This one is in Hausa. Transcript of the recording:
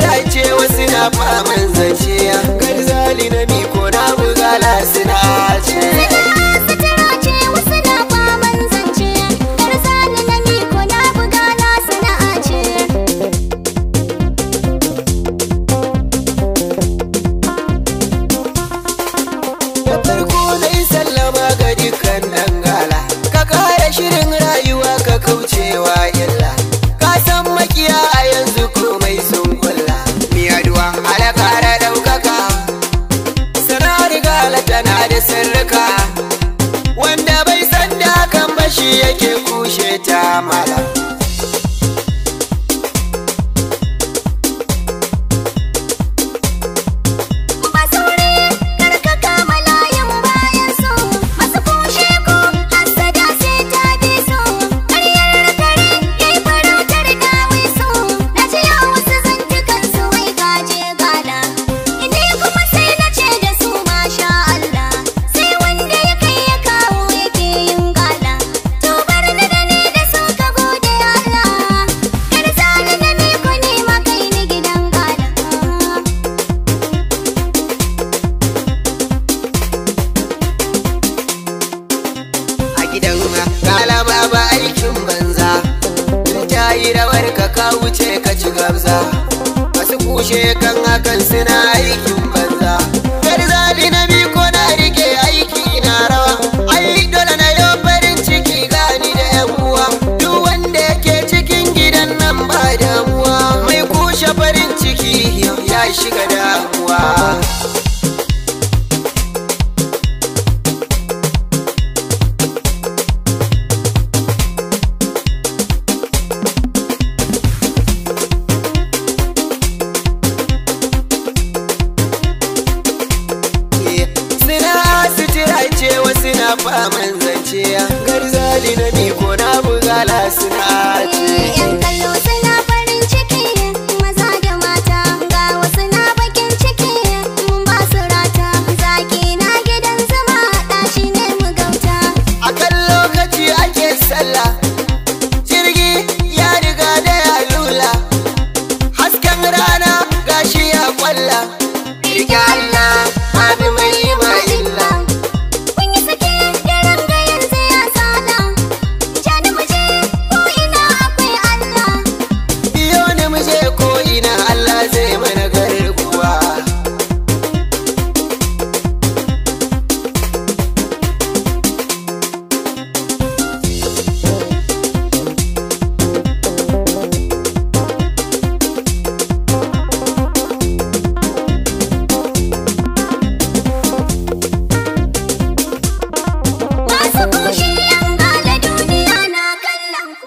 ¡Gracias! Bilal tana da sirrika wanda bai san da ba shi yake kushe ka wuce ka ci gamsa masu kushe kan hakan suna aikin banza kar zaɓi na fa man zance garzali na miko na bugala suna ce